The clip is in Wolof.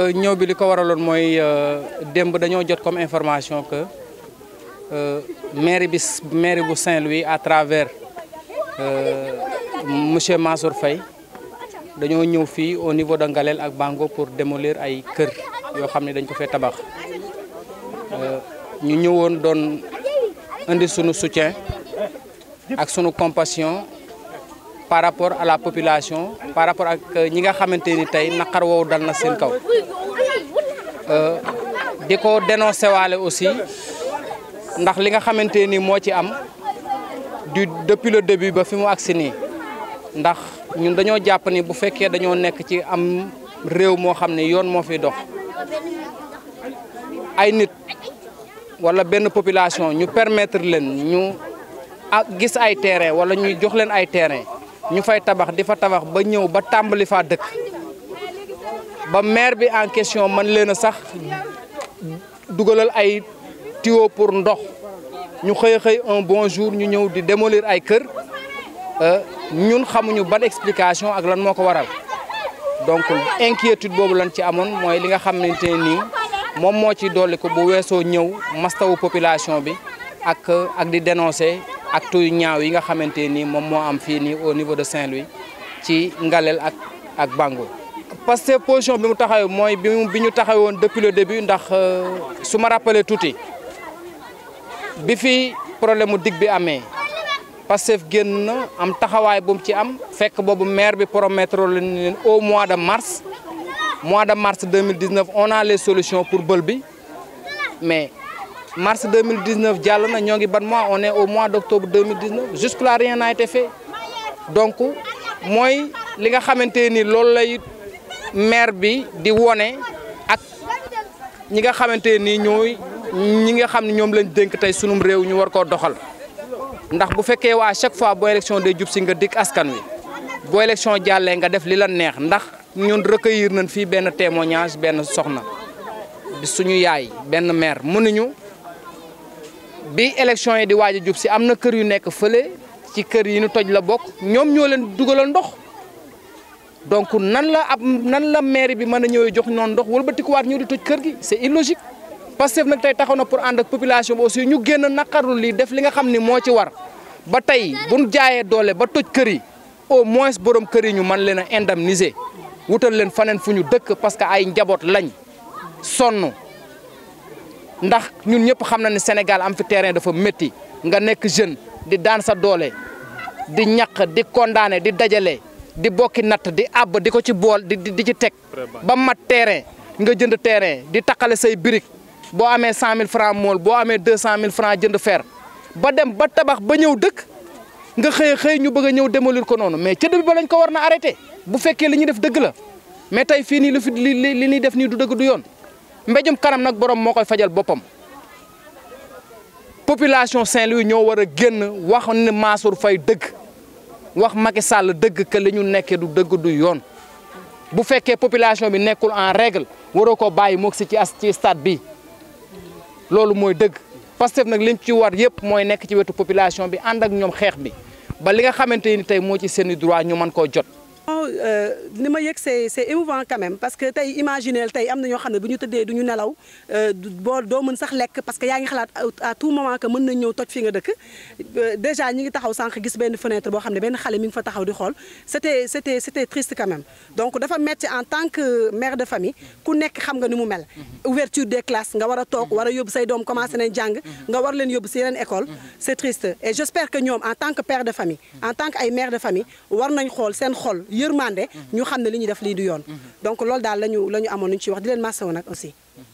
Euh, ñëw bi li ko waraloon mooy euh, démb dañoo jot comme information que euh, mairie bi mairie bu Saint-Louis à travers monsieur Mansour Faye dañoo ñëw fii au niveau de Ngalel ak Bango pour démolir ay kër yoo xam ne dañ ko fee tabax ñu ñëwoon doon indi sunu soutien ak sunu compassion par rapport à la population par rapport ak euh, ñi nga xamante ni tey naqar woowu dal na seen kaw euh, di ko dénoncé waale aussi ndax li nga xamante ni moo ci am du depuis le début ba fi mu agsi nii ndax ñun dañoo jàpp ni bu fekkee dañoo nekk ci am réew moo xam ne yoon moo fi dox ay nit wala benn population ñu permettre leen ñu ah, gis ay terrain wala ñu jox leen ay terrain ñu fay tabax difa tabax ba ñew ba tambali fa dëkk ba maire bi en question man leena sax dugalal ay tuyau pour ndox ñu xey xey un bonjour ñu ñew di démolir ay kër euh ñun xamuñu ban explication ak lan moko waral donc inquiétude bobu lan ci amone moy li nga xamanteni mom mo ci dolli ko bu wesso ñew mastaw population bi ak ak di dénoncer acte yu yi nga au niveau de Saint-Louis qui Ngalel ak ak Bango. parce que position bi depuis le début ndax euh, suma rappelle bi problème dig bi am bu ci am maire bi promettre au mois de mars mois de mars 2019 on a les solutions pour Bolbi mais. mars 2019 jàll na ñogi ban mois on est au mois d'octobre 2019 jusque là rien n'a été fait donc moy li nga xamanteni ni loolu lay maire bi di woné ak ñi nga xamanteni ni nyongi, ñi nga xamni ñom lañ dénk tay sunum rew ñu war ko doxal ndax bu fekkee wa chaque fois bo élection day jub si nga askan wi bo élection jallé nga def li la neex ndax ñun recueillir nañ fi ben témoignage ben soxna di suñu yaay ben maire mënuñu bi élection yi di waaj a jub si am na kër yu nekk fële ci kër yi ñu toj la bokk ñoom ñoo leen dugalal ndox donc nan la ab nan la meeri bi mën a ñëwee jox noonu ndox wëlbatikuwaat ñëw di toj kër gi c'est illogique. Pastef nag tey taxaw na pour ànd ak population bi aussi ñu génn naqarul lii def li nga xam ni moo ci war ba tey buñ jaayee doole ba toj kër yi au moins borom kër yi ñu mën leen a indemniser wutal leen faneen fu dëkk parce que ay njaboot lañ sonn. ndax ñun ñëpp xam na ne Sénégal am fi terrain dafa métti nga nekk jeune di daan sa doole di ñaq di condamné di dajale di bokki natt di àbb di ko ci bool di di ci teg ba mat terrain nga jënd terrain di taqale say birig boo amee cent mille franc mool boo amee deux cent mille franc jënd fer ba dem ba tabax ba ñëw dëkk nga xëy xëy ñu bëgg a ñëw démolir ko noonu mais ca début ba lañ ko war na arrêté bu fekkee li ñuy def dëgg la mais tey fii nii lu fi li li ñuy def nii du dëgg du yoon mbéjum kanam nag borom moo koy fajal boppam population Saint-Louis ñoo war a génn wax ne Mansour Faye dëgg wax Macky Sall dëgg que li ñu nekkee du dëgg du yoon bu fekkee population bi nekkul en régle waroo ko bàyyi moog si ci as ci stade bi loolu mooy dëgg Pastef nag liñ ci war yëpp mooy nekk ci wetu population bi ànd ak ñoom xeex bi ba li nga xamante ni tey moo ci seen i droit ñu mën koo jot. li euh, ma yëg c'est c'est émouvant quand même parce que tay imagineel tay am na xamné buñu teudé duñu ñu tëddee du ñu nelaw euh, boo doo mën sax lek parce que ya ngi xalat à tout moment que mën nañ ñëw toj fi nga dëkk euh, déjà ñi ngi taxaw sank gis benn fenêtre bo xamné ne xalé mi ngi fa taxaw di xol c'était c'était c'était triste quand même donc dafa metti en tant que mère de famille ku nekk xam nga ni mu mel ouverture des classes nga wara tok wara yob say dom commencé nañ jang nga war leen yob si yeneen école c'est triste et j'espère que ñom en tant que père de famille en tant que ay mère de famille war nañ xol seen xol yërmande yërmande ñu xam ne li ñuy def lii du yoon mhm. donc loolu daal lañu la amoon lu ci wax di leen masawu nag aussi mhm.